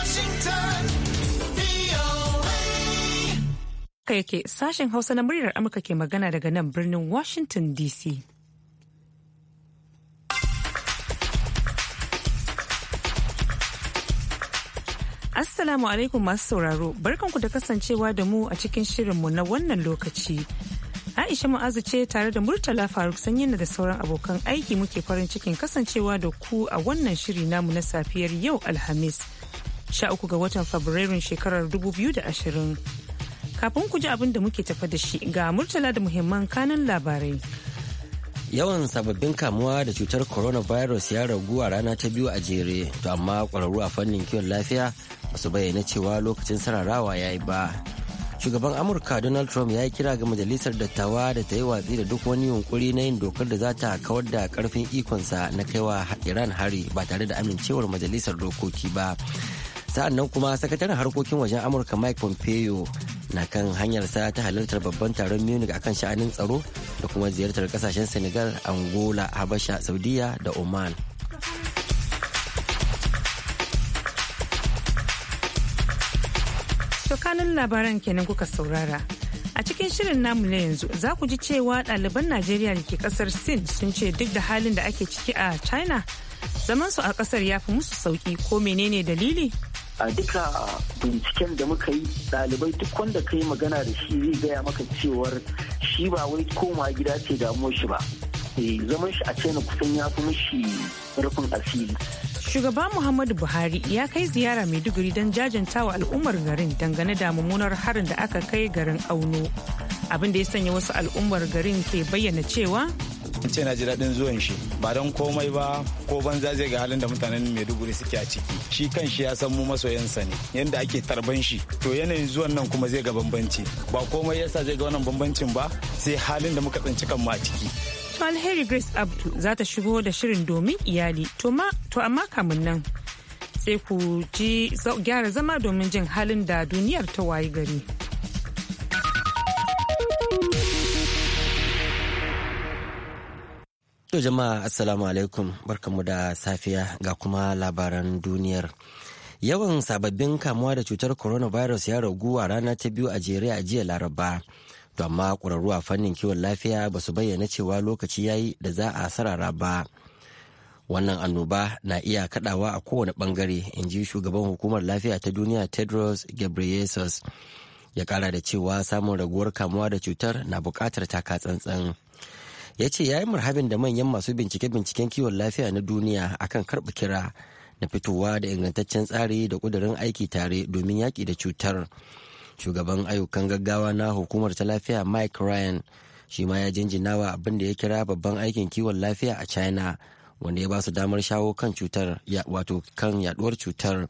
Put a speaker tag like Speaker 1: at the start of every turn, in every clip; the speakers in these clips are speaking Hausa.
Speaker 1: Washington,
Speaker 2: sashen Hausa na muryar Amurka ke magana daga nan birnin Washington DC. Assalamu alaikum masu sauraro, barkanku da kasancewa da mu a cikin shirinmu na wannan lokaci. Aisha Mu'azu ce tare da Murtala Faruk Sanyin da sauran abokan aiki muke farin cikin kasancewa da ku a wannan shiri namu na safiyar yau Alhamis. 13 ga watan Fabrairun shekarar 2020. Kafin ku ji abin da muke tafa da shi ga murtala da muhimman kanan labarai.
Speaker 3: Yawan sababbin kamuwa da cutar coronavirus ya ragu a rana ta biyu a jere, to amma ƙwararru a fannin kiwon lafiya ba su bayyana cewa lokacin sararawa ya yi ba. Shugaban Amurka Donald Trump ya yi kira ga majalisar dattawa da ta yi watsi da duk wani yunkuri na yin dokar da za ta kawar da karfin ikonsa na kaiwa Iran hari ba tare da amincewar majalisar dokoki ba. sa'an nan kuma sakataren harkokin wajen amurka mike pompeo na kan hanyarsa ta halartar babban taron munich akan sha'anin tsaro da kuma ziyartar kasashen senegal angola habasha saudiya da oman
Speaker 2: kanun labaran kenan kuka saurara a cikin shirin namu na yanzu za ku ji cewa ɗaliban najeriya da ke kasar sin sun ce duk da halin da ake ciki a china zamansu a kasar ya fi musu sauki ko menene dalili
Speaker 1: a duka binciken da muka yi ɗalibai duk wanda ka yi magana da shi zai gaya maka cewar shi ba wai koma gida ce damuwar shi ba eh, zaman shi a china kusan ya fi mashi rufin asiri
Speaker 2: shugaba muhammadu buhari ya kai ziyara maiduguri don wa al'ummar garin dangane da mummunar harin da aka kai garin auno abin da ya sanya wasu al'ummar garin ke bayyana cewa
Speaker 4: ce na ji daɗin zuwan shi ba don komai ba ko banza zai ga halin da mutanen maiduguri suke a ciki shi kan shi ya san mu masoyansa ne yadda ake tarban shi to yanayin zuwan nan kuma zai ga bambanci ba komai yasa zai ga wannan bambancin ba sai halin da muka tsinci kan a ciki
Speaker 2: to alheri grace abdu za ta shigo da shirin domin iyali to amma kamun nan sai ku ji gyara zama domin jin halin da duniyar ta wayi gari.
Speaker 3: To jama'a assalamu alaikum barkamu da safiya ga kuma labaran duniyar. Yawan sababbin kamuwa da cutar coronavirus ya ragu a rana ta biyu a jere a jiya laraba. To amma ƙwararru a fannin kiwon lafiya ba su bayyana cewa lokaci yayi da za a sarara ba. Wannan annoba na iya kaɗawa a kowane bangare, in ji shugaban hukumar lafiya ta duniya Tedros Ghebreyesus. Ya ƙara da cewa samun raguwar kamuwa da cutar na buƙatar taka tsantsan. ya ce ya yi murhabin da manyan masu bincike-binciken kiwon lafiya na duniya akan karbi kira na fitowa da ingantaccen tsari da kudurin aiki tare domin yaƙi da cutar shugaban ayyukan gaggawa na hukumar ta lafiya mike ryan shi ma ya jinjinawa abinda ya kira babban aikin kiwon lafiya a china wanda ya ba su damar shawo kan cutar wato kan yaduwar cutar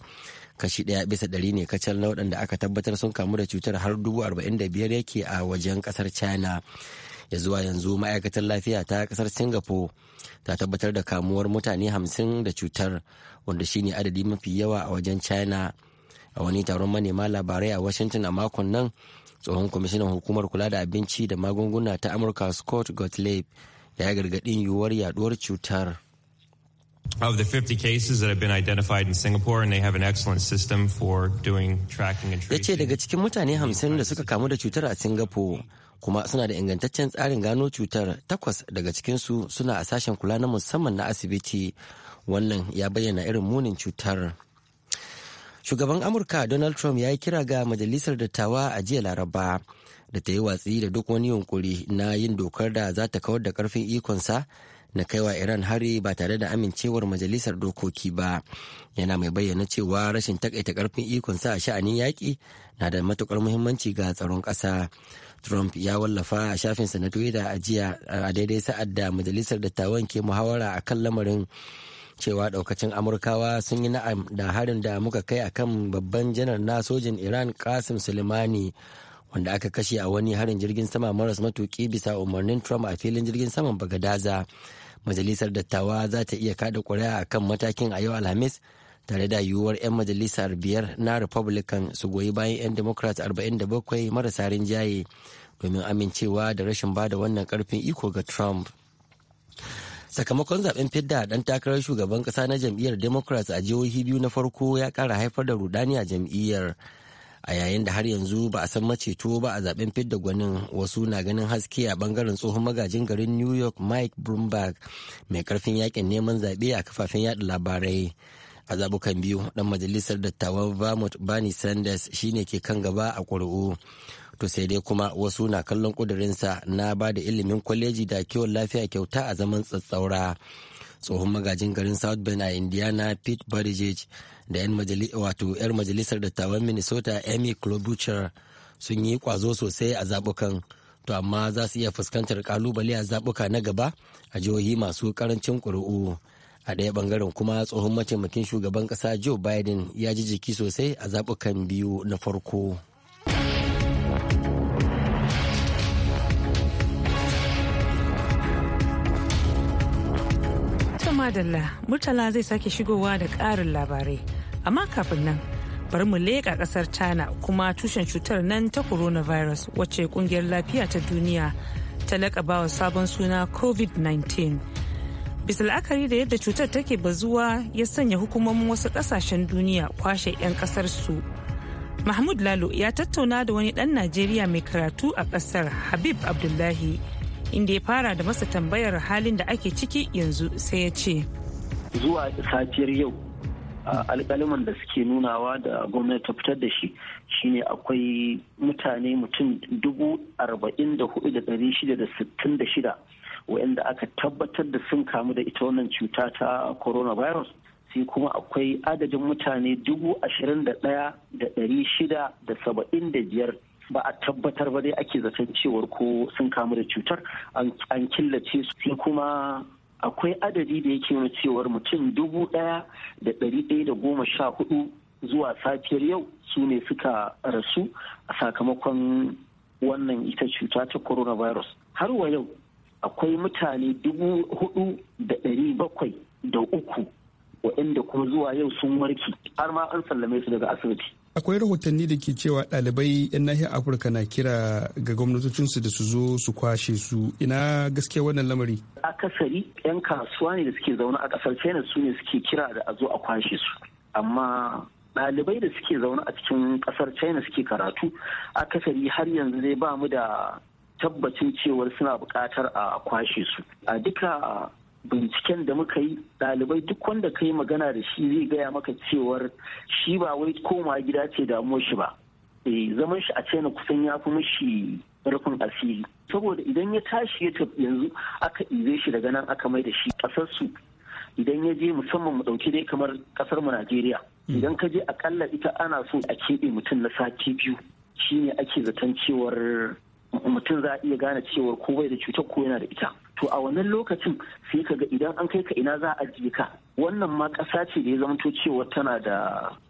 Speaker 3: kashi ɗaya bisa ɗari ne kacal na waɗanda aka tabbatar sun kamu da cutar har dubu arba'in da biyar yake a wajen ƙasar china ya zuwa yanzu ma'aikatar lafiya ta kasar singapore ta tabbatar da kamuwar mutane hamsin da cutar wanda shine adadi mafi yawa a wajen china a wani taron manema labarai a washington a makon nan tsohon kwamishinan hukumar kula da abinci da magunguna ta amurka scott gottlieb ya yi gargadin yiwuwar yaduwar cutar
Speaker 5: Of the 50 cases that have been identified in Singapore, and they have an excellent system for doing tracking and tracing.
Speaker 3: Ya daga cikin mutane hamsin da suka kamu da cutar a Singapore, kuma suna da ingantaccen tsarin gano cutar takwas daga cikinsu suna a sashen kula na musamman na asibiti wannan ya bayyana irin munin cutar shugaban amurka donald trump ya yi kira ga majalisar dattawa a jiya laraba da ta yi watsi da duk wani yunkuri na yin dokar da za ta kawar da karfin ikonsa na kaiwa iran hari ba tare da amincewar majalisar dokoki ba yana mai bayyana cewa rashin takaita karfin ikonsa a sha'anin yaƙi na da matukar muhimmanci ga tsaron ƙasa Trump ya wallafa a shafinsa na Twitter a jiya a daidai sa'ad da majalisar dattawan ke muhawara a kan lamarin cewa daukacin Amurkawa sun yi na'am da harin da muka kai akan babban janar na sojin Iran Qasim Soleimani wanda aka kashe a wani harin jirgin sama maras matuki bisa umarnin Trump a filin jirgin saman Bagadaza. Majalisar dattawa za ta iya kada ƙuri'a akan matakin a yau Alhamis tare da yiwuwar 'yan majalisa biyar na republican su goyi bayan 'yan democrat 47 marasa rinjaye domin amincewa da rashin bada wannan karfin iko ga trump sakamakon zaben fidda dan takarar shugaban kasa na jam'iyyar democrats a jihohi biyu na farko ya kara haifar da rudani a jam'iyyar a yayin da har yanzu ba a san maceto ba a zaben fidda gwanin wasu na ganin haske a bangaren tsohon magajin garin new york mike bloomberg mai karfin yakin neman zaɓe a kafafen yada labarai a zabukan biyu dan majalisar dattawan vermont bernie sanders shine ke kan gaba a ƙuri'u to sai dai kuma wasu na kallon ƙudurinsa na ba da ilimin kwaleji da kiwon lafiya kyauta a zaman tsatsaura tsohon magajin garin south bend a indiana pete buttigieg da 'yan majalisar dattawan minnesota amy klobuchar sun yi kwazo sosai a zabukan to amma za su iya fuskantar kalubale a zabuka na gaba a jihohi masu karancin kuri'u. a ɗaya bangaren kuma tsohon mataimakin shugaban ƙasa joe biden ya ji jiki sosai a zaɓukan biyu na farko
Speaker 2: madalla murtala zai sake shigowa da ƙarin labarai amma kafin nan bari mu leƙa ƙasar china kuma tushen cutar nan ta coronavirus wacce kungiyar lafiya ta duniya ta laƙabawa sabon suna covid-19 bisa la'akari da yadda cutar take bazuwa ya sanya hukumomin wasu kasashen duniya kwashe 'yan kasar su mahmud lalo ya tattauna da wani dan najeriya mai karatu a kasar habib abdullahi inda ya fara da masa tambayar halin da ake ciki yanzu sai ya ce
Speaker 1: zuwa safiyar yau alkaliman da suke nunawa da gwamnati ta fitar da shi shine akwai mutane mutum dubu waɗanda aka tabbatar da sun kamu da ita wannan cuta ta coronavirus sai kuma akwai adadin mutane dubu ashirin da ɗaya da ɗari shida da saba'in da biyar ba a tabbatar ba dai ake zaton cewar ko sun kamu da cutar an killace su sai kuma akwai adadi da yake nuna cewar mutum dubu ɗaya da ɗari ɗaya da goma sha hudu zuwa safiyar yau su ne suka rasu a sakamakon wannan ita cuta ta coronavirus har wa yau akwai mutane dubu hudu da ɗari bakwai da uku waɗanda kuma zuwa yau sun warke har ma an sallame su daga asibiti.
Speaker 6: Akwai rahotanni da ke cewa ɗalibai 'yan nahiyar Afirka na kira ga gwamnatocinsu da su zo su kwashe su ina gaskiya wannan lamari.
Speaker 1: Akasari 'yan kasuwa ne da suke zaune a ƙasar China su ne suke kira da a zo a kwashe su. Amma ɗalibai da suke zaune a cikin ƙasar China suke karatu akasari har yanzu dai ba mu da tabbacin cewar suna buƙatar a kwashe su a duka binciken da muka yi ɗalibai duk wanda ka yi magana da shi zai gaya maka cewar shi ba wai koma gida ce damuwar shi ba eh, zaman shi a na kusan ya fi mashi rufin asiri saboda idan ya tashi ya tafi yanzu aka ize shi daga nan aka mai da shi ƙasarsu idan ya je musamman mu ɗauki dai kamar ƙasar mu najeriya hmm. idan ka je akalla ita ana so a keɓe mutum na sati biyu shine ake zaton cewar mutum za a iya gane cewar ko bai da cutar ko yana da ita to a wannan lokacin sai ka ga idan an kai ka ina za a je ka wannan ma ƙasa ce da ya zamanto cewa tana da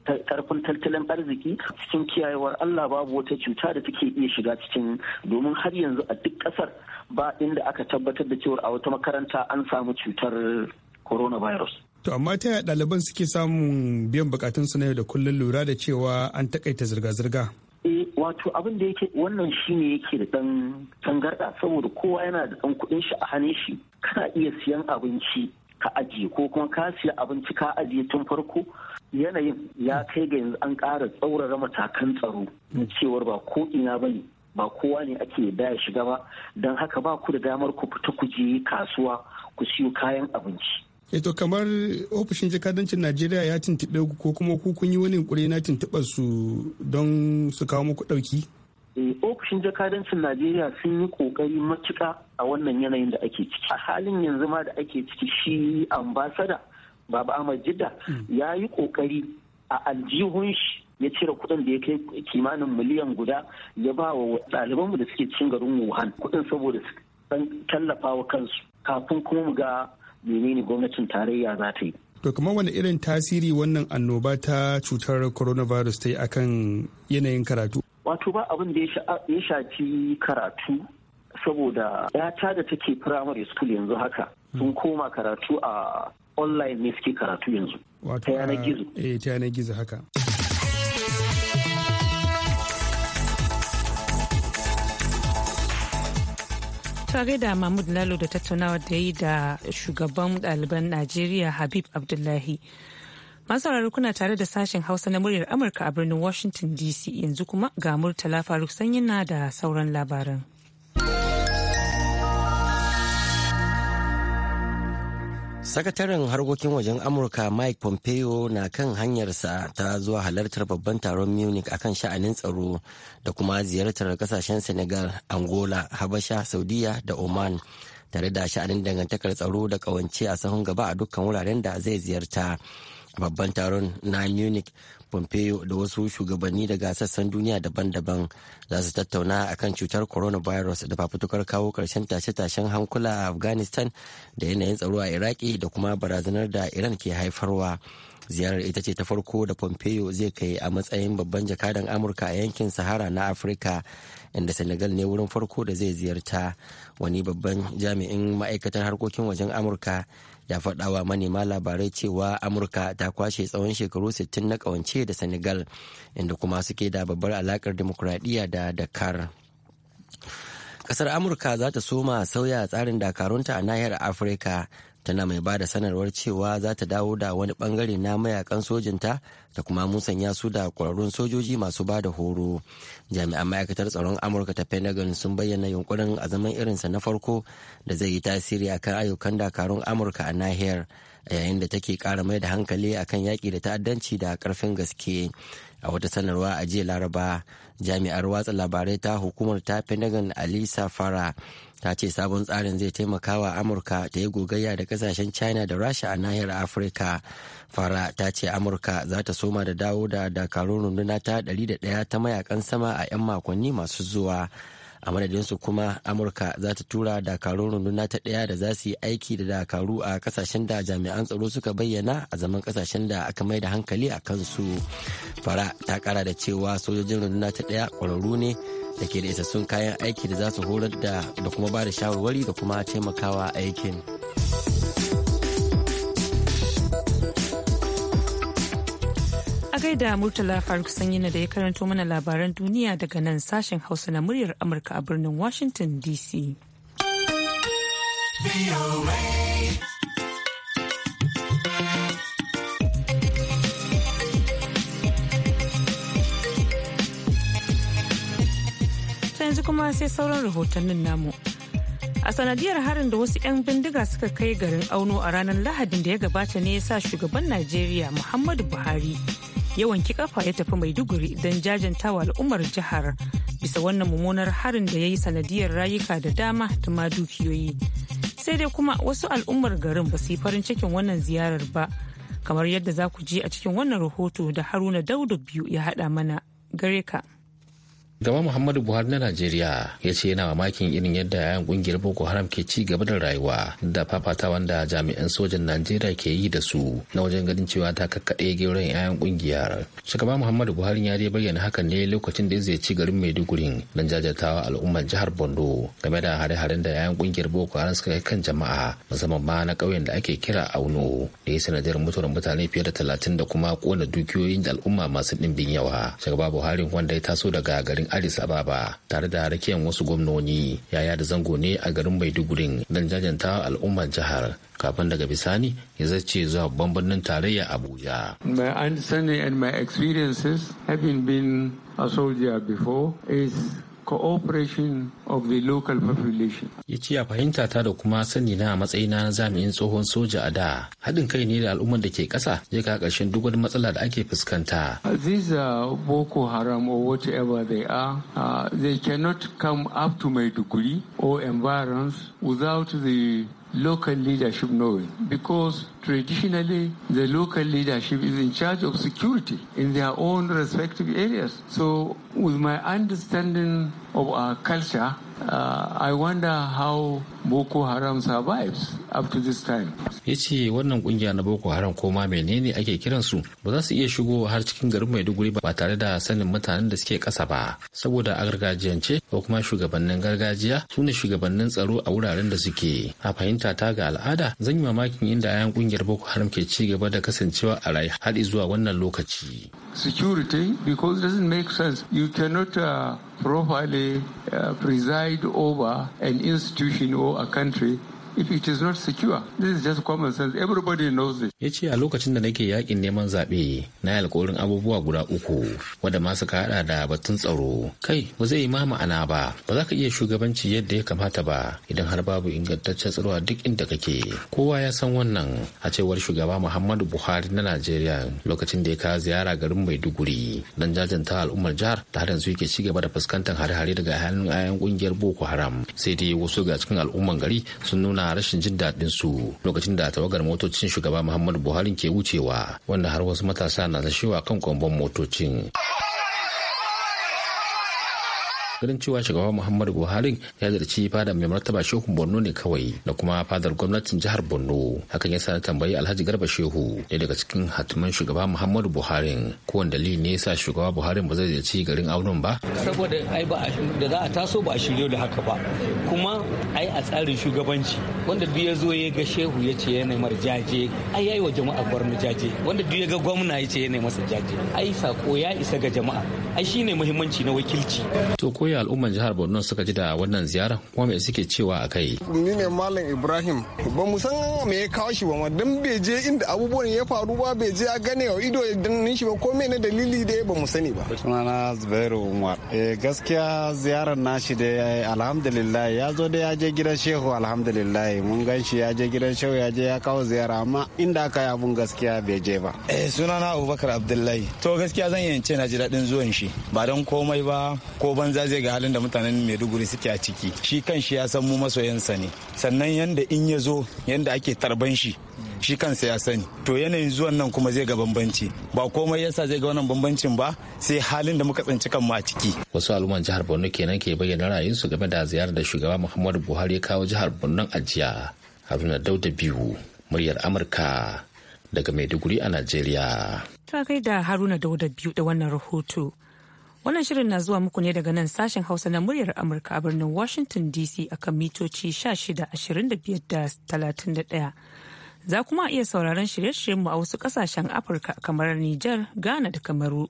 Speaker 1: ƙarfin tattalin arziki cikin kiyayewar Allah babu wata cuta da take iya shiga cikin domin har yanzu a duk ƙasar ba inda aka tabbatar da cewa a wata makaranta an samu cutar coronavirus.
Speaker 6: To amma ta yaya ɗaliban suke samun biyan bukatunsu na yau da kullum lura da cewa an takaita zirga-zirga?
Speaker 1: eh wato abin da yake wannan shi ne yake da ɗan tangarɗa saboda kowa yana da ɗan kuɗin shi a hannun shi kana iya siyan abinci ka ajiye ko kuma ka siya abinci ka ajiye tun farko yanayin ya kai ga yanzu an ƙara tsaurara matakan tsaro na cewar ba ko ina ba ne ba kowa ne ake da shiga ba don haka ba ku da damar ku fita ku je kasuwa ku siyo kayan abinci
Speaker 6: Eh, to kamar ofishin jakadancin najeriya ya tuntuɓe ku ko kuma ku kun yi wani yunkuri na tuntuɓar su don su kawo muku ɗauki
Speaker 1: eh, ofishin jakadancin najeriya sun yi ƙoƙari matuƙa a wannan yanayin da ake ciki a halin yanzu ma da ake ciki shi ambasada baba ahmad jidda hmm. ya yi ƙoƙari a aljihun shi ya cire kuɗin da ya kai kimanin miliyan guda ya ba wa ɗalibanmu da suke cikin garin wuhan kuɗin saboda su tallafa wa kansu kafin kuma mu ga menene gwamnatin tarayya za ta yi
Speaker 6: to kamar wani irin tasiri wannan annoba ta cutar coronavirus ta yi akan yanayin karatu
Speaker 1: wato ba abin da ya shafi karatu saboda yata da take primary school yanzu haka sun koma karatu a online ne suke karatu yanzu ta yanar gizo eh ta
Speaker 6: yanar gizo haka
Speaker 2: tare da mahmud lalo da tattaunawa da yi da shugaban ɗaliban najeriya habib abdullahi masu kuna tare da sashen hausa na muryar amurka a birnin washington dc yanzu kuma ga murtala faruk sanyi na da sauran labaran
Speaker 3: Sakataren harkokin wajen Amurka Mike Pompeo na kan hanyarsa ta zuwa halartar babban taron Munich a kan sha'anin tsaro da kuma ziyartar kasashen Senegal, Angola, Habasha, Saudiya da Oman tare da sha'anin dangantakar tsaro da kawance a sahun gaba a dukkan wuraren da zai ziyarta. babban taron na munich pompeo da wasu shugabanni daga sassan duniya daban-daban za su tattauna akan cutar coronavirus da fafutukar kawo karshen tashe-tashen hankula a afghanistan da yanayin tsaro a iraki da kuma barazanar da iran ke haifarwa ziyarar ita ce ta farko da pompeo zai kai a matsayin babban jakadan amurka a yankin sahara na afirka inda senegal ne wurin farko da zai ziyarta wani babban jami'in ma'aikatar harkokin wajen amurka ya faɗawa manema labarai cewa amurka ta kwashe tsawon shekaru 60 na ƙawance da senegal inda kuma suke da babbar alakar demokuraɗiyya da dakar kasar amurka za ta soma sauya tsarin dakarunta a nahiyar afirka tana mai ba da sanarwar cewa za ta dawo da wani bangare na mayakan sojinta da kuma musanya su da kwararrun sojoji masu ba da horo jami'an ma'aikatar tsaron amurka ta pentagon sun bayyana yunkurin a zaman irinsa na farko da zai yi tasiri akan ayyukan dakarun amurka a nahiyar a yayin da take kara mai da hankali akan yaƙi da ta'addanci da ƙarfin gaske a wata sanarwa a jiya laraba jami'ar watsa labarai ta hukumar ta pentagon alisa fara ta ce sabon tsarin zai taimaka wa amurka ta yi gogayya da kasashen china da rasha a nahiyar afirka fara ta ce amurka za ta soma da dawo da dakarun runduna ta ɗaya ta mayakan sama a 'yan makonni masu zuwa a madadinsu kuma amurka za ta tura dakarun runduna ta ɗaya da za su yi aiki da dakaru a kasashen da jami'an tsaro suka bayyana a zaman kasashen da aka mai da hankali a kansu fara ta kara da cewa sojojin runduna ta ɗaya ƙwararru ne da ke da isassun kayan aiki da za su horar da da kuma ba da shawarwari da kuma taimakawa aikin.
Speaker 2: da Murtala Faruk Sanyina da ya karanto mana labaran duniya daga nan sashen Hausa na muryar Amurka a birnin Washington DC. yanzu kuma sai sauran rahotannin namu. A sanadiyar harin da wasu 'yan bindiga suka kai garin auno a ranar Lahadin da ya gabata ne ya sa shugaban Najeriya Muhammadu Buhari yawan kafa ya tafi maiduguri don jajantawa al'ummar jihar bisa wannan mummunar harin da ya yi sanadiyar rayuka da dama da ma dukiyoyi sai dai kuma wasu al'ummar garin ba su yi farin cikin wannan ziyarar ba kamar yadda za ku ji a cikin wannan rahoto da haruna daudu biyu ya haɗa mana gare ka.
Speaker 4: Gaba Muhammadu Buhari na Najeriya ya ce yana mamakin irin yadda yayan kungiyar Boko Haram ke ci gaba da rayuwa da fafata wanda jami'an sojan Najeriya ke yi da su na wajen ganin cewa ta kakkaɗe gauran yayan kungiyar. Shugaba Muhammadu Buhari ya dai bayyana hakan ne lokacin da zai ci garin Maiduguri don jajatawa al'ummar jihar Bondo game da hare-haren da yayan kungiyar Boko Haram suka kai kan jama'a musamman ma na ƙauyen da ake kira Auno da ya sanadiyar mutuwar mutane fiye da talatin da kuma kona dukiyoyin al'umma masu ɗimbin yawa. Shugaba Buhari wanda ya taso daga garin addis ababa tare da rakiyar wasu gwamnoni yaya da zango ne a garin maiduguri don jajanta al'ummar jihar kafin daga bisani ya zace zuwa babban birnin tarayya abuja
Speaker 7: my understanding and my experiences having been a soldier before is cooperation of the local population.
Speaker 4: Ya ce a fahimta ta da kuma sani na matsayina na jami'in tsohon soja a da haɗin kai ne da al'ummar da ke ƙasa ya ka ƙarshen duk wani matsala da ake fuskanta.
Speaker 7: These are Boko Haram or whatever they are, uh, they cannot come up to Maiduguri or environs without the local leadership knowing because traditionally the local leadership is in charge of security in their own respective areas. So with my understanding of our culture, Uh, I wonder how Boko Haram survives up to
Speaker 4: this time. Ya ce wannan kungiya na Boko Haram ko ma menene ake kiransu ba za su iya shigo har cikin garin Maiduguri ba tare da sanin mutanen da suke ƙasa ba saboda a gargajiyance ko kuma shugabannin gargajiya su ne shugabannin tsaro a wuraren da suke. A fahimta ta ga al'ada zan yi mamakin inda ayan kungiyar Boko Haram ke ci gaba da kasancewa a raye har zuwa wannan lokaci.
Speaker 7: Security because it doesn't make sense. You cannot uh, properly uh, preside over an institution or a country If it is not secure, this is just common sense. Everybody knows this
Speaker 4: Ya ce a lokacin da nake yakin neman zaɓe na yi alkawarin abubuwa guda uku wanda masu hada da batun tsaro. Kai ba zai yi ma ma'ana ba. Ba za ka iya shugabanci yadda ya kamata ba idan har babu ingantaccen tsaro a duk inda kake. Kowa ya san wannan a cewar shugaba Muhammadu Buhari na Najeriya lokacin da ya kawo ziyara garin Maiduguri don jajanta al'ummar jihar ta har yanzu yake ci gaba da fuskantar hare-hare daga hannun 'ya'yan kungiyar Boko Haram. Sai dai wasu ga cikin al'umman gari sun nuna rashin jin daɗin su lokacin da tawagar motocin shugaba Muhammadu Buhari ke wucewa wanda har wasu matasa na zashewa kan kwambon motocin. ganin cewa shugaba muhammadu buhari ya zarci fada mai martaba shehu borno ne kawai da kuma fadar gwamnatin jihar borno hakan ya sa tambayi alhaji garba shehu ne daga cikin hatiman shugaba muhammadu buhari ko wanda dalili ne yasa shugaba buhari ba zai zarci garin auren ba
Speaker 1: saboda ai ba da za a taso ba a shiryo da haka ba kuma ai a tsarin shugabanci wanda duk ya zo ya ga shehu ya ce yana mar jaje ai yayi wa jama'a gwarmi jaje wanda duk ya ga gwamna ya ce yana masa jaje ai sako ya isa ga jama'a ai shine muhimmanci na wakilci
Speaker 4: to ko lauyoyi al'umman jihar borno suka ji da wannan ziyara kuma me suke cewa a kai
Speaker 1: ni
Speaker 6: ne malam ibrahim ba mu san me ya kawo shi ba ma dan bai je inda abubuwan ya faru ba bai je a gane wa ido ya dannin shi ba ko me na dalili da ba mu sani ba sunana zubairu umar eh, gaskiya ziyarar nashi da alhamdulillah ya zo da ya je gidan shehu alhamdulillah mun gan shi ya je gidan shehu ya je ya kawo ziyara amma inda aka yi abun gaskiya bai je ba
Speaker 4: eh sunana abubakar abdullahi to gaskiya zan yance na ji daɗin zuwan shi ba don komai ba ko banza zai zai ga halin da mutanen maiduguri suke a ciki shi kan shi ya san mu masoyansa ne sannan yanda in ya zo yanda ake tarban shi shi kansa ya sani to yanayin zuwan nan kuma zai ga bambanci ba komai yasa zai ga wannan bambancin ba sai halin da muka tsinci kanmu a ciki wasu al'umman jihar borno kenan ke bayyana ra'ayinsu game da ziyarar da shugaba muhammadu buhari ya kawo jihar borno a jiya haruna dauda biyu muryar amurka daga maiduguri a najeriya
Speaker 2: ta kai da haruna dauda biyu da wannan rahoto Wannan shirin na zuwa muku ne daga nan sashen Hausa na muryar Amurka a birnin Washington DC akan mitoci 16-25-31. Za kuma iya sauraron shirye-shiryenmu a wasu kasashen Afirka kamar Nijar, Ghana da Kamaru.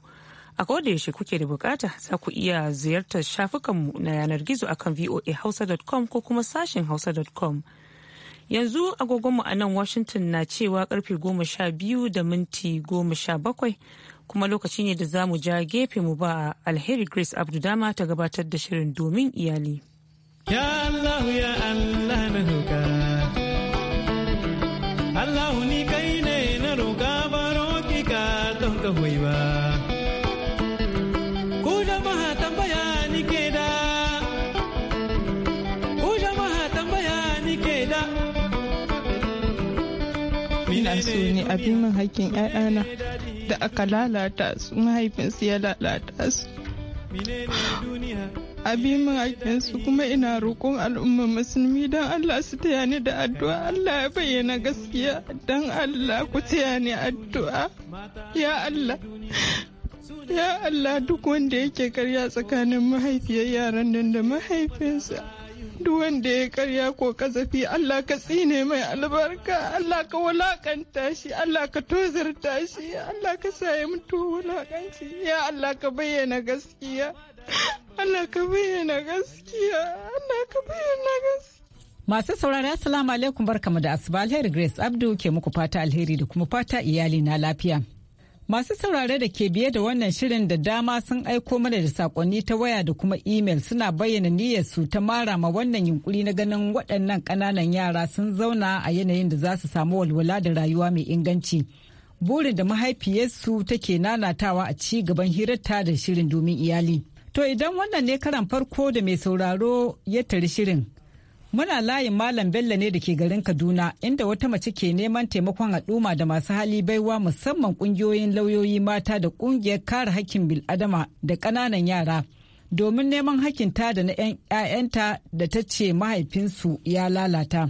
Speaker 2: A yaushe kuke da bukata za ku iya ziyartar shafukanmu na yanar gizo akan voahausa.com ko kuma sashen hausa.com. yanzu agogonmu a nan washington na cewa karfe goma sha biyu da minti goma sha bakwai kuma lokaci ne da za mu ja gefe mu ba a alheri grace abdu dama ta gabatar da shirin domin
Speaker 7: iyali ya allah ya allah na roƙa allah ni kai ne na roƙa ba roƙi ka don ka hoyi ba ku jama'a tambaya ke da ku jama'a tambaya ke da
Speaker 8: ina so ne abin min haƙƙin 'ya'yana Da aka lalata su mahaifinsu ya lalata su abin mahaifinsu kuma ina roƙon al'umma musulmi don Allah su taya ni da addu'a Allah ya bayyana gaskiya don Allah ku taya ni addu'a ya Allah ya Allah duk wanda yake karya tsakanin mahaifiyar yaran nan da mahaifinsa duk wanda ya karya ko kazafi Allah ka tsine mai albarka Allah ka walakanta shi Allah ka tozarta shi Allah ka sa ya mutu walakanci ya Allah ka bayyana gaskiya Allah ka bayyana gaskiya Allah ka bayyana
Speaker 5: gaskiya Masu saurari Assalamu alaikum barkamu da asuba alheri Grace Abdu ke muku fata alheri da kuma fata iyali na lafiya. Masu saurare da ke biye da wannan shirin da dama sun aiko mana da sakonni ta waya da kuma imel suna bayyana niyyar su ta mara ma wannan yunkuri na ganin waɗannan ƙananan yara sun zauna a yanayin da za su samu walwala da rayuwa mai inganci. Burin da mahaifiyarsu take nanatawa a ci gaban hirarta da shirin domin iyali. To idan wannan ne karan farko da mai sauraro ya tari shirin Muna layin Malam Bello ne da ke garin Kaduna inda wata mace ke neman taimakon al'umma da masu hali baiwa musamman ƙungiyoyin lauyoyi mata da ƙungiyar kare hakkin bil'adama da ƙananan yara. Domin neman hakinta da na 'ya'yanta da ta ce mahaifinsu ya lalata.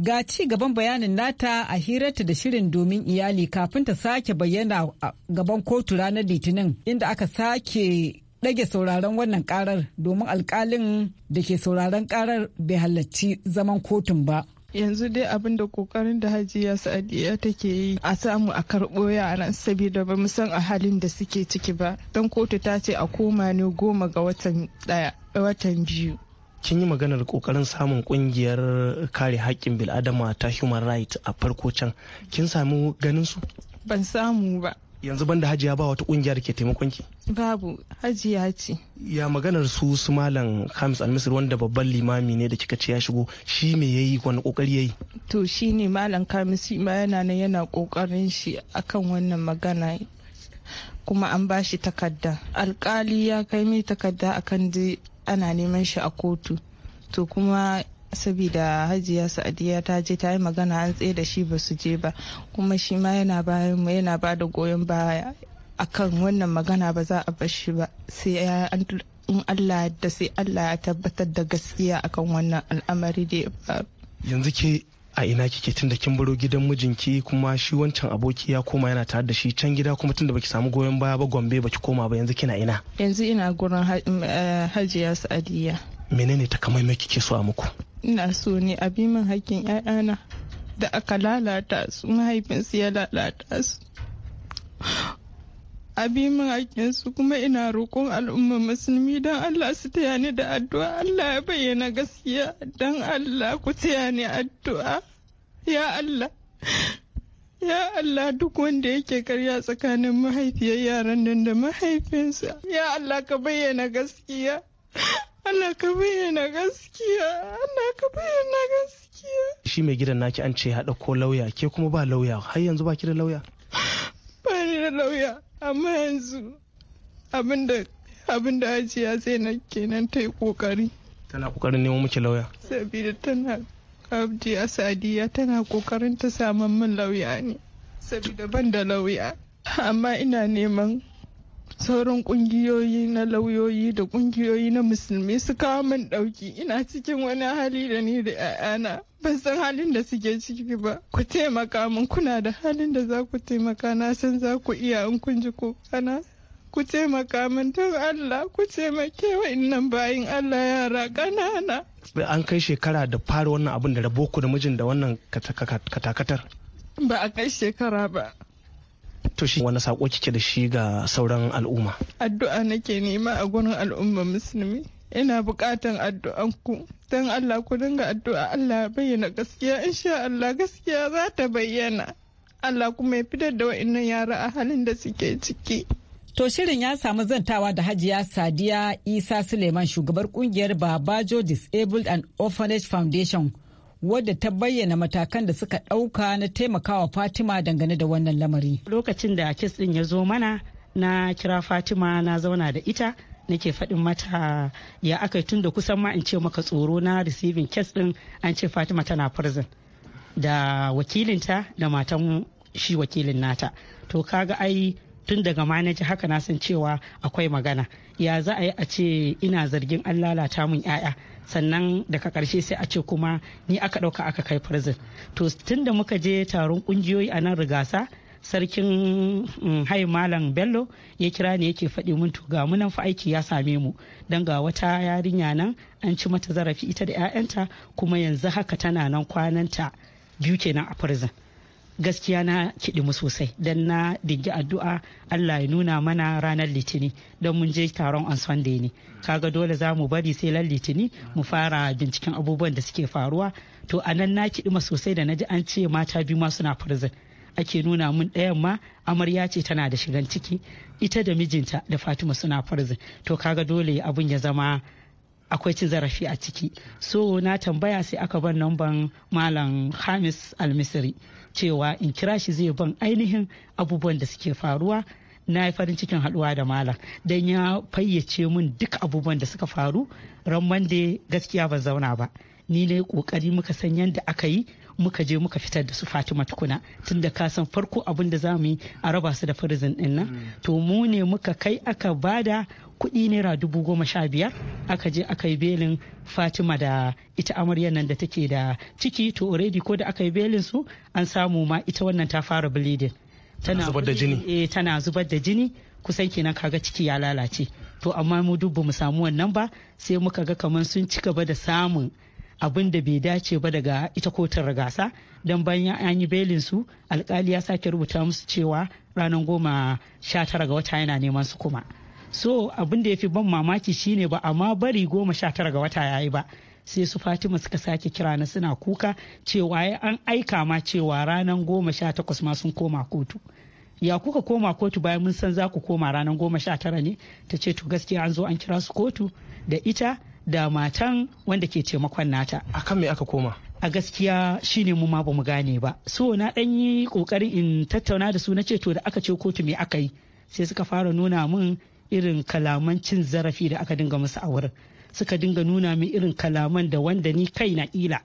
Speaker 5: Ga ci gaban bayanin nata a hirarta da shirin domin iyali kafin ta sake bayyana gaban kotu ranar Litinin inda aka sake ɗage sauraron wannan karar domin alkalin da ke sauraron karar bai halarci zaman kotun ba. yanzu dai abin da kokarin
Speaker 8: da hajiya sa'adiyya take yi a samu a karɓo yaran saboda ba san a halin da suke ciki ba don kotu ta ce a koma ne goma ga watan
Speaker 9: watan biyu kin yi maganar kokarin samun kungiyar kare haƙƙin bil'adama ta human rights a farko can kin samu ganin su ban samu ba yanzu banda hajiya ba wata kungiya da ke taimakon ki
Speaker 8: babu hajiya ce
Speaker 9: ya maganar su su malam Hamis Almisir wanda babban limami ne da kika ce ya shigo shi me yayi wani kokari yayi
Speaker 8: to shine malam Hamis ma yana nan yana kokarin shi akan wannan magana kuma an ba shi takarda alkali ya kai mai takarda akan dai ana neman shi a kotu to kuma saboda hajiya sa'adiya ta je ta yi magana an tsaye da shi ba su je ba kuma shi ma yana bayan mu yana ba da goyon baya akan wannan magana ba za a bar shi ba sai in Allah da sai Allah ya tabbatar da gaskiya akan wannan al'amari da ya faru
Speaker 9: yanzu ke a ina kike tun da kin baro gidan mijinki kuma shi wancan aboki ya koma yana tare da shi can gida kuma tun da baki samu goyon baya ba gombe baki koma ba yanzu kina ina
Speaker 8: yanzu ina gurin eh, hajiya sa'adiya
Speaker 9: menene ta kamai kike so a muku
Speaker 8: ina so ne a bi min hakkin 'ya'yana da aka lalata su mahaifinsu ya lalata su a bi min su kuma ina roƙon al'umma musulmi don Allah su taya ni da addu'a Allah ya bayyana gaskiya don Allah ku taya ni addu'a ya Allah Ya Allah duk wanda yake karya tsakanin mahaifiyar yaran nan da mahaifinsa. Ya Allah ka bayyana gaskiya. Allah ka bayyana gaskiya Allah ka bayyana gaskiya
Speaker 9: shi mai gidan naki an ce ya ko lauya ke kuma ba lauya har yanzu ba ki da lauya
Speaker 8: ba ni da lauya amma yanzu abinda abinda ajiya sai na kenan ta yi kokari
Speaker 9: tana kokarin neman miki lauya
Speaker 8: sabida tana hajiya sadiya tana kokarin ta samun min lauya ne sabida ban da lauya amma ina neman sauran kungiyoyi na lauyoyi da kungiyoyi na musulmi su kawo min dauki ina cikin wani hali da ni da 'ya'yana ban san halin da suke ciki ba ku taimaka min kuna da halin da za ku taimaka na san za ku iya in kun ji kana ku taimaka min don Allah ku taimake wa innan bayin Allah yara
Speaker 9: ƙanana. an kai shekara da fara wannan abin da rabo ku da mijin da wannan katakatar
Speaker 8: ba a kai shekara ba
Speaker 9: To wani sako kike da shi ga sauran al'umma?
Speaker 8: Addu'a nake nema a gurin al'umma musulmi. Ina bukatan ku dan Allah ku dinga addu'a Allah bayyana gaskiya insha Allah gaskiya
Speaker 5: za ta bayyana. Allah kuma ya fitar da wa'annan yara a halin da suke ciki. To shirin ya samu zantawa da Hajiya Sadiya Isa Suleiman shugabar kungiyar Babajo Disabled and Orphanage Foundation wadda ta bayyana matakan da suka
Speaker 10: ɗauka na taimakawa Fatima dangane da wannan lamari. Lokacin da kes ɗin ya zo mana na kira Fatima na zauna da ita nake faɗin mata ya aka yi tunda kusan ma in ce maka tsoro na receiving kes ɗin an ce Fatima tana prison da wakilinta da matan shi wakilin nata. To kaga ai tun daga manaja haka na san cewa akwai magana ya za a yi a ce ina zargin an lalata mun 'ya'ya sannan daga karshe sai a ce kuma ni aka ɗauka aka kai prison to tun da muka je taron ƙungiyoyi a nan rigasa sarkin mm, hai malam bello ya kira ne yake faɗi mun to ga munan fa aiki ya same mu don ga wata yarinya nan an ci mata zarafi ita da 'ya'yanta kuma yanzu haka tana nan kwananta biyu kenan a prison gaskiya na kiɗi mu sosai don na digi addu'a Allah ya nuna mana ranar litini don mun je taron on sunday ne kaga dole za mu bari sai ran litini mu fara binciken abubuwan da suke faruwa to a nan na kiɗi sosai da na ji an ce mata biyu ma suna prison ake nuna mun ɗayan ma amarya ce tana da shigan ciki ita da mijinta da fatima suna prison to kaga dole abun ya zama akwai cin zarafi a ciki so na tambaya sai aka ban namban malam hamis almisiri cewa in kira shi zai ban ainihin abubuwan da suke faruwa na yi farin cikin haduwa da malam don ya fayyace min duk abubuwan da suka faru ran da gaskiya ban zauna ba ni ne kokari muka san yadda aka yi muka je muka fitar da su fatima tukuna tunda ka san farko abin da za mu yi a raba su da prison din nan mm. to mu ne muka kai aka bada kuɗi naira dubu goma sha biyar aka je aka yi belin fatima da ita amaryar nan da take da ciki to already ko da aka yi belin su an samu ma ita wannan ta fara bleeding tana zubar da jini eh tana zubar da jini kusan kenan kaga ciki ya lalace to amma mu duk mu samu wannan ba sai muka ga kaman sun ci gaba da samun abin da bai dace ba daga ita kotar gasa don bayan an yi belin su alkali ya sake rubuta musu cewa ranar goma sha tara ga wata yana neman su kuma so abin da ya fi ban mamaki shine ba amma bari goma sha tara ga wata ya yi ba sai su fatima suka sake kira na suna kuka cewa ya an aika ma cewa ranar goma sha takwas ma sun koma kotu ya kuka koma kotu bayan mun san za ku koma ranar goma sha tara ne ta ce to gaskiya an zo an kira su kotu da ita da matan wanda ke taimakon nata A kan me aka koma a gaskiya shine mu ma ba mu gane ba so na ɗan yi kokarin in tattauna da su na ce to da aka ce kotu me aka yi sai suka fara nuna min irin kalaman cin zarafi da aka dinga musu a wurin suka dinga nuna min irin kalaman da wanda ni kai na ƙila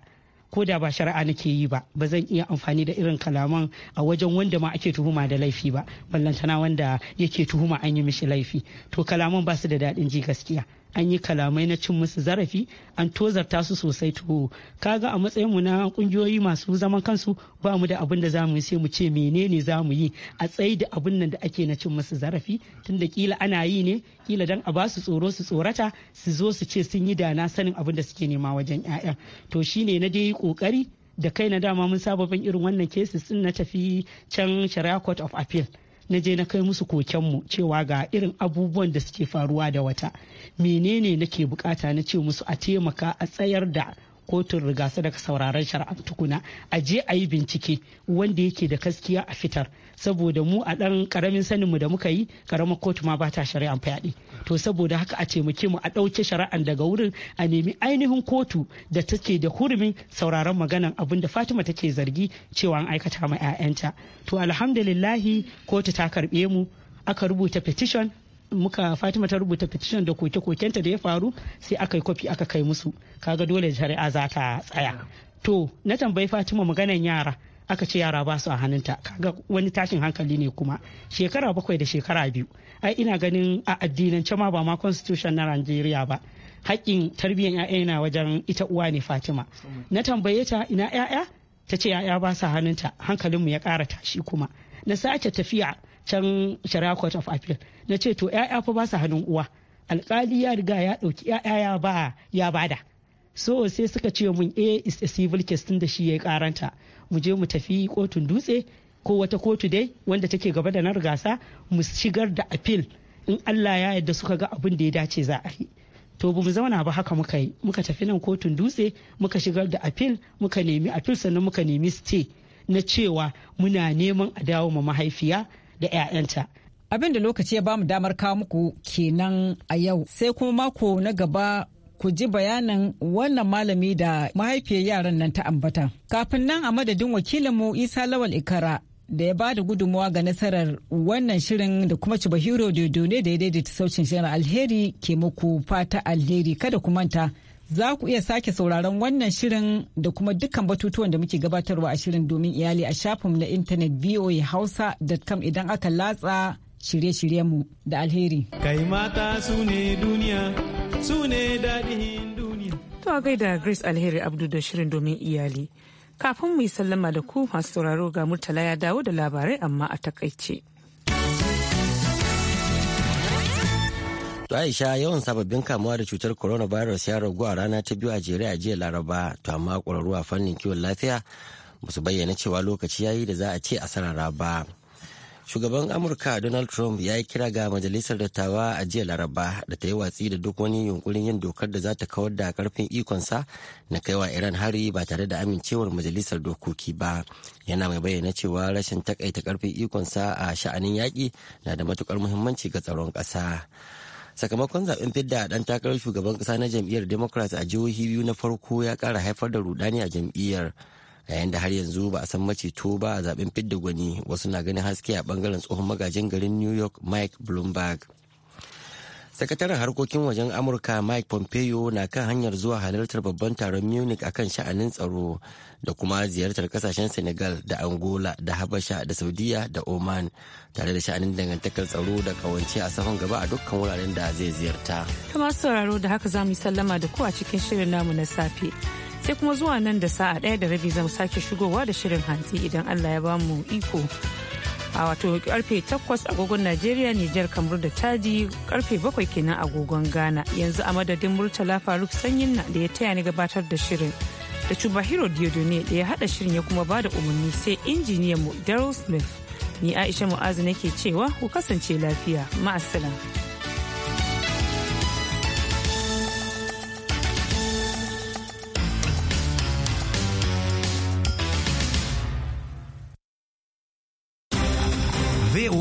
Speaker 10: ko da ba shari'a nake yi ba ba zan iya amfani da irin kalaman a wajen wanda ma ake tuhuma da laifi ba ballantana wanda yake tuhuma an yi mishi laifi to kalaman ba su da daɗin ji gaskiya an yi kalamai na cin musu zarafi an tozarta su sosai to kaga a matsayin mu na kungiyoyi masu zaman kansu ba mu da abin da zamu yi sai mu ce menene zamu yi a tsayi da abin nan da ake na cin musu zarafi tunda kila ana yi ne kila dan a basu tsoro su tsorata su zo su ce sun yi dana sanin abin da suke nema wajen 'ya'ya to shine na dai kokari da kai na dama mun saba ban irin wannan cases din na tafi can Sharia Court of Appeal na je na kai musu kokenmu cewa ga irin abubuwan da suke faruwa da wata menene nake bukata na ce musu a taimaka a tsayar da kotun riga su daga sauraron shari'a tukuna a je a yi bincike wanda yake da gaskiya a fitar saboda mu a ɗan karamin sanin mu da muka yi karamar kotu ma ba ta shari'ar fyaɗe to saboda haka a taimake mu a ɗauke shari'ar daga wurin a nemi ainihin kotu da take da hurumin sauraron maganan abin da Fatima take zargi cewa an aikata ma 'ya'yanta to alhamdulillahi kotu ta karɓe mu aka rubuta petition muka fatima ta rubuta petition da koke-kokenta da ya faru sai aka yi kwafi aka kai musu kaga dole shari'a za ta tsaya to na tambayi fatima maganan yara aka ce yara ba su a hannunta kaga wani tashin hankali ne kuma shekara bakwai da shekara biyu ai ina ganin a addinance ma ba ma constitution na Najeriya ba haƙƙin tarbiyyar 'ya'ya yana wajen ita uwa ne Fatima na tambaye ta ina 'ya'ya ta ce 'ya'ya ba su hannunta hankalinmu ya ƙara tashi kuma na sake tafiya can shari'a court of appeal na ce to 'ya'ya fa ba su hannun uwa alkali ya riga ya ɗauki 'ya'ya ya ba ya bada so sai suka ce mun a eh, is a civil case tun da shi ya karanta mu je mu tafi kotun dutse ko wata kotu dai wanda take gaba da nan gasa mu shigar da appeal in Allah ya yarda suka ga abin da ya dace za a yi to bu mu zauna ba haka muka yi muka tafi nan kotun dutse muka shigar da appeal muka nemi appeal sannan muka nemi stay na cewa muna neman a dawo ma mahaifiya da 'ya'yanta Abin da lokaci ya
Speaker 5: bamu damar kawo muku kenan a yau. Sai kuma mako na gaba ku ji bayanin wannan malami da mahaifiyar yaran nan ta ambata. Kafin nan a madadin wakilinmu Isa Lawal Ikara da ya ba da gudunmawa ga nasarar wannan shirin da kuma Cibahiro Dodo ne da ya daidaita saucin shirin alheri ke muku fata alheri kada ku manta. Za ku iya sake sauraron wannan shirin da kuma dukkan batutuwan da muke gabatarwa a shirin domin iyali a shafinmu na intanet voahausa.com idan aka latsa shirye-shiryenmu
Speaker 2: da alheri. Kai mata su ne duniya, su ne daɗin duniya. To a gaida Grace Alheri Abdu da shirin domin iyali. Kafin mu yi sallama da ku masu sauraro ga Murtala ya dawo da labarai amma a takaice.
Speaker 3: To Aisha yawan sababbin kamuwa da cutar coronavirus ya ragu a rana ta biyu a jere a jiya Laraba to amma ƙwararru a fannin kiwon lafiya ba su bayyana cewa lokaci ya yi da za a ce a sarara ba. shugaban amurka donald trump ya yi kira ga majalisar dattawa a jiya laraba da ta yi watsi da duk wani yunkurin yin dokar da za ta kawar da karfin ikonsa na kaiwa iran hari ba tare da amincewar majalisar dokoki ba yana mai bayyana cewa rashin takaita karfin ikonsa a sha'anin yaƙi na da matukar muhimmanci ga tsaron ƙasa sakamakon zaben fidda dan takarar shugaban ƙasa na jam'iyyar democrats a jihohi biyu na farko ya ƙara haifar da rudani a jam'iyyar yayin da har yanzu ba a san maceto ba a zaben fidda gwani wasu na ganin haske a bangaren tsohon magajin garin new york mike bloomberg sakataren harkokin wajen amurka mike pompeo na kan hanyar zuwa halartar babban taron munich akan sha'anin tsaro da kuma ziyartar kasashen senegal da angola da habasha da saudiya da oman tare da sha'anin dangantakar tsaro da kawance a sahun gaba a dukkan wuraren da zai ziyarta
Speaker 2: kamar sauraro da haka za mu sallama da ku a cikin shirin namu na safe sai kuma zuwa nan da sa'a ɗaya da rabi zan sake shigowa da shirin hantsi idan allah ya bamu iko a wato karfe 8 agogon najeriya nijar kamar da taji karfe 7 kenan agogon ghana yanzu a madadin murtala faruk sanyin na da ya taya ni gabatar da shirin da cuba hero diodone da ya hada shirin ya kuma ba da umarni sai injiniyan mu daryl smith ni aisha mu'azu nake cewa ku kasance lafiya ma'asala.